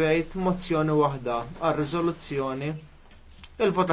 bejt mozzjoni waħda għal riżoluzzjoni il-votazzjoni